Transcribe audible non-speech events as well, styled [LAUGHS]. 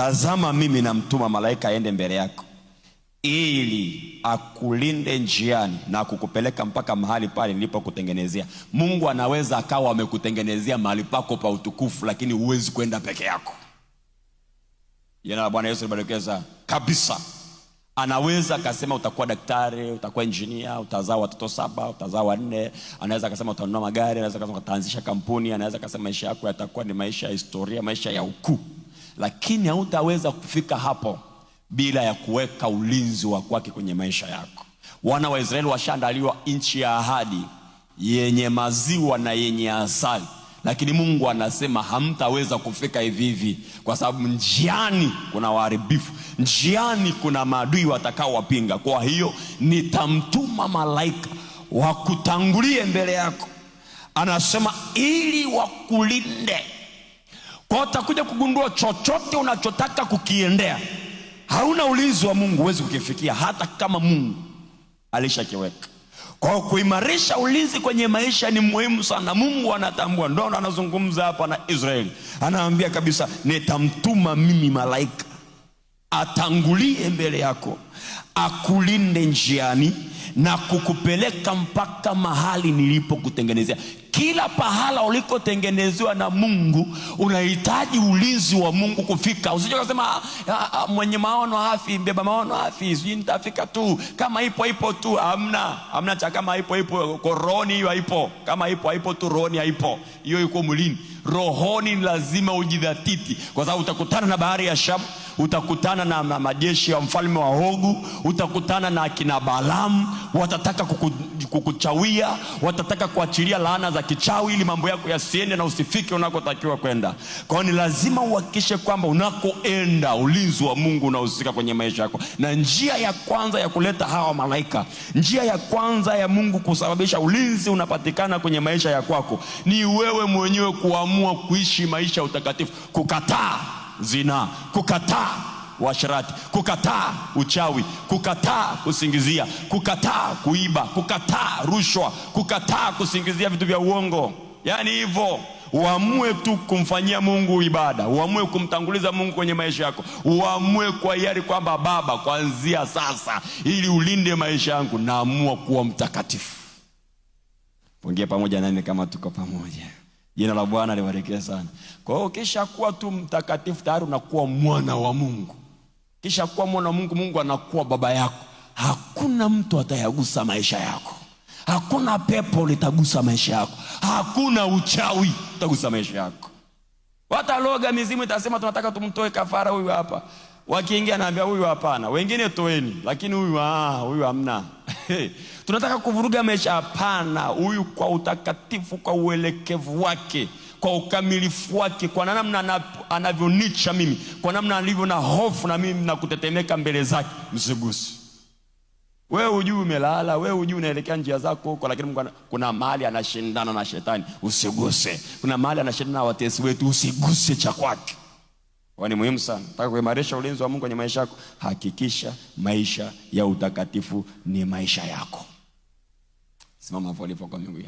Tazama, mimi namtuma malaika aende mbele yako ili akulinde njiani na kukupeleka mpaka mahali pale nilipokutengenezea. Mungu anaweza akawa amekutengenezea mahali pako pa utukufu, lakini huwezi kwenda peke yako. Jina la Bwana Yesu libarikiwe kabisa. Anaweza akasema utakuwa daktari, utakuwa injinia, utazaa watoto saba, utazaa wanne. Anaweza akasema utanunua magari, anaweza akasema utaanzisha kampuni, anaweza akasema maisha yako yatakuwa ni maisha ya historia, maisha ya ukuu lakini hautaweza kufika hapo bila ya kuweka ulinzi wa kwake kwenye maisha yako. Wana wa Israeli washaandaliwa nchi ya ahadi yenye maziwa na yenye asali, lakini Mungu anasema hamtaweza kufika hivi hivi, kwa sababu njiani kuna waharibifu, njiani kuna maadui watakaowapinga. Kwa hiyo nitamtuma malaika wakutangulie mbele yako, anasema ili wakulinde kwa utakuja kugundua chochote unachotaka kukiendea, hauna ulinzi wa Mungu, huwezi kukifikia hata kama Mungu alishakiweka. Kwa kuimarisha ulinzi kwenye maisha ni muhimu sana. Mungu anatambua, ndio anazungumza hapa na Israeli, anaambia kabisa, nitamtuma mimi malaika atangulie mbele yako akulinde njiani na kukupeleka mpaka mahali nilipokutengenezea. Kila pahala ulikotengenezewa na Mungu unahitaji ulinzi wa Mungu kufika. Usije kasema ah, ah, ah, mwenye maono hafi, mbeba maono hafi, sijui nitafika tu, kama ipo ipo tu. amna amna cha kama ipo ipo. Koroni hiyo haipo, kama ipo haipo tu, rooni haipo. Hiyo iko mwilini rohoni, lazima ujidhatiti, kwa sababu utakutana na bahari ya Shamu, utakutana na majeshi ya mfalme wa Hogu, utakutana na akina Balaam, watataka kuku kukuchawia, watataka kuachilia laana za kichawi ili mambo yako yasiende na usifike unakotakiwa kwenda. Kwa hiyo ni lazima uhakikishe kwamba unakoenda ulinzi wa Mungu unahusika kwenye maisha yako, na njia ya kwanza ya kuleta hawa malaika, njia ya kwanza ya Mungu kusababisha ulinzi unapatikana kwenye maisha ya kwako ni wewe mwenyewe kuamua kuishi maisha ya utakatifu, kukataa zinaa, kukataa uasherati, kukataa uchawi, kukataa kusingizia, kukataa kuiba, kukataa rushwa, kukataa kusingizia vitu vya uongo. Yaani hivyo uamue tu kumfanyia Mungu ibada, uamue kumtanguliza Mungu kwenye maisha yako, uamue kwa hiari kwamba Baba, kuanzia sasa, ili ulinde maisha yangu, naamua kuwa mtakatifu. Pongea pamoja nani kama tuko pamoja. Jina la Bwana libarikiwe sana. Kwa hiyo ukishakuwa tu mtakatifu, tayari unakuwa mwana wa Mungu. Kisha kuwa mwana Mungu, Mungu anakuwa baba yako. Hakuna mtu atayagusa maisha yako, hakuna pepo litagusa maisha yako, hakuna uchawi utagusa maisha yako. Hata loga mizimu itasema tunataka tumtoe kafara huyu hapa, wakiingia naambia huyu hapana, wengine toeni, lakini huyu ah, huyu hamna. [LAUGHS] tunataka kuvuruga maisha, hapana. Huyu kwa utakatifu, kwa uelekevu wake kwa ukamilifu wake, kwa namna anavyonicha mimi, kwa namna alivyo na hofu na mimi na kutetemeka mbele zake, msiguse Wewe hujui umelala, wewe hujui unaelekea njia zako huko, lakini Mungu kuna mahali anashindana na shetani, usiguse. Kuna mahali anashindana na watesi wetu, usiguse cha kwake. Ni muhimu sana. Nataka kuimarisha ulinzi wa Mungu kwenye maisha yako, hakikisha maisha ya utakatifu ni maisha yako. Simama polepole kwa Mungu.